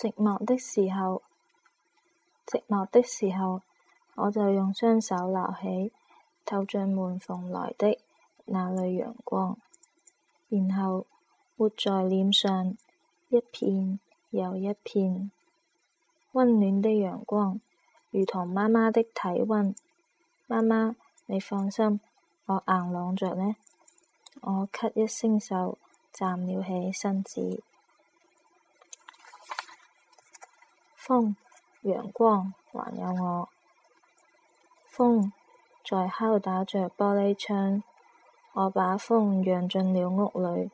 寂寞的時候，寂寞的時候，我就用雙手撈起透進門縫來的那縷陽光，然後抹在臉上，一片又一片温暖的陽光，如同媽媽的體温。媽媽，你放心，我硬朗着呢。我咳一聲手，手站了起身子。風，陽光，還有我。風在敲打着玻璃窗，我把風讓進了屋裏，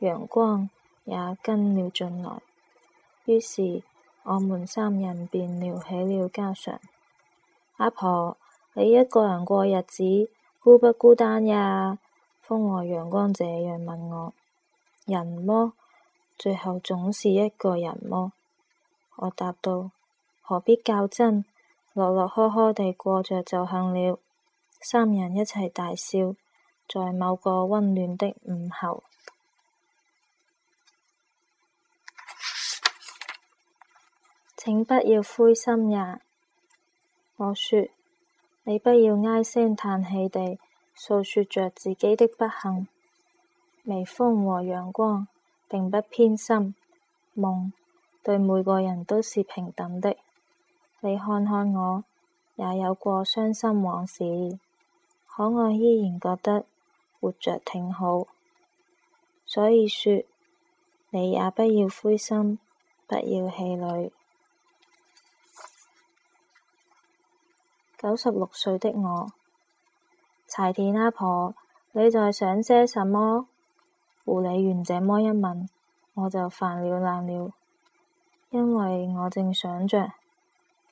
陽光也跟了進來。於是我們三人便聊起了家常。阿婆，你一個人過日子，孤不孤單呀？風和陽光這樣問我。人麼，最後總是一個人麼？我答道：何必較真，樂樂呵呵地過着就行了。三人一齊大笑，在某個溫暖的午後，請不要灰心呀！我說：你不要唉聲嘆氣地訴說着自己的不幸。微風和陽光並不偏心，夢。對每個人都是平等的。你看看我，也有過傷心往事，可我依然覺得活著挺好。所以說，你也不要灰心，不要氣餒。九十六歲的我，柴田阿婆，你在想些什麼？護理員這麼一問，我就犯了難了。因為我正想着，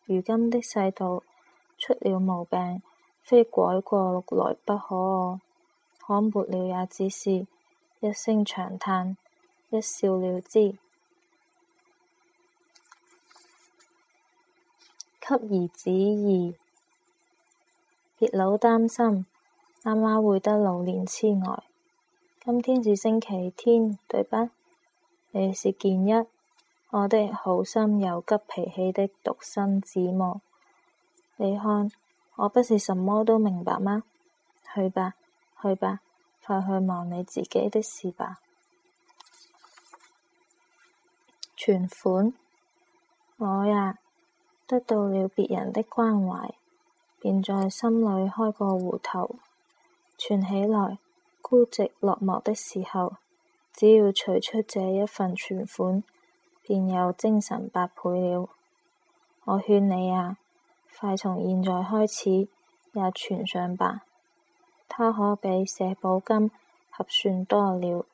如今的世道出了毛病，非改過來不可我。可沒了也，也只是一聲長嘆，一笑了之。給兒子二別老擔心，媽媽會得老年痴呆。今天是星期天，對不？你是健一。我的好心又急脾氣的獨生子麼？你看，我不是什麼都明白嗎？去吧，去吧，快去忙你自己的事吧。存款，我呀得到了別人的關懷，便在心裏開個戶頭，存起來。孤寂落寞的時候，只要取出這一份存款。便有精神百倍了。我勸你啊，快從現在開始也存上吧。它可比社保金合算多了。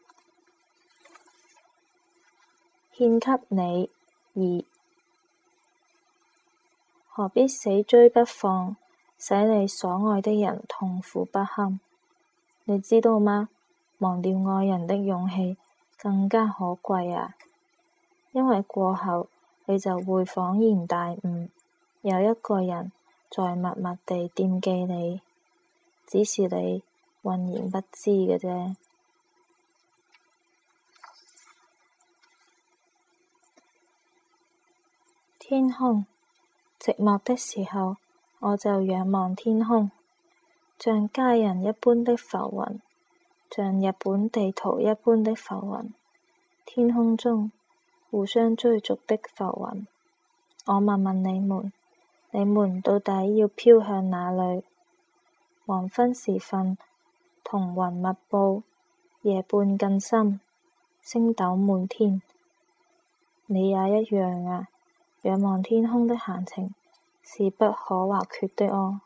獻給你二，何必死追不放，使你所愛的人痛苦不堪？你知道嗎？忘掉愛人的勇氣更加可貴啊！因為過後你就會恍然大悟，有一個人在默默地惦記你，只是你渾然不知嘅啫。天空寂寞的時候，我就仰望天空，像家人一般的浮雲，像日本地圖一般的浮雲，天空中。互相追逐的浮雲，我問問你們，你們到底要飄向哪裏？黃昏時分，彤雲密佈，夜半更深，星斗滿天。你也一樣啊，仰望天空的閒情是不可或缺的哦。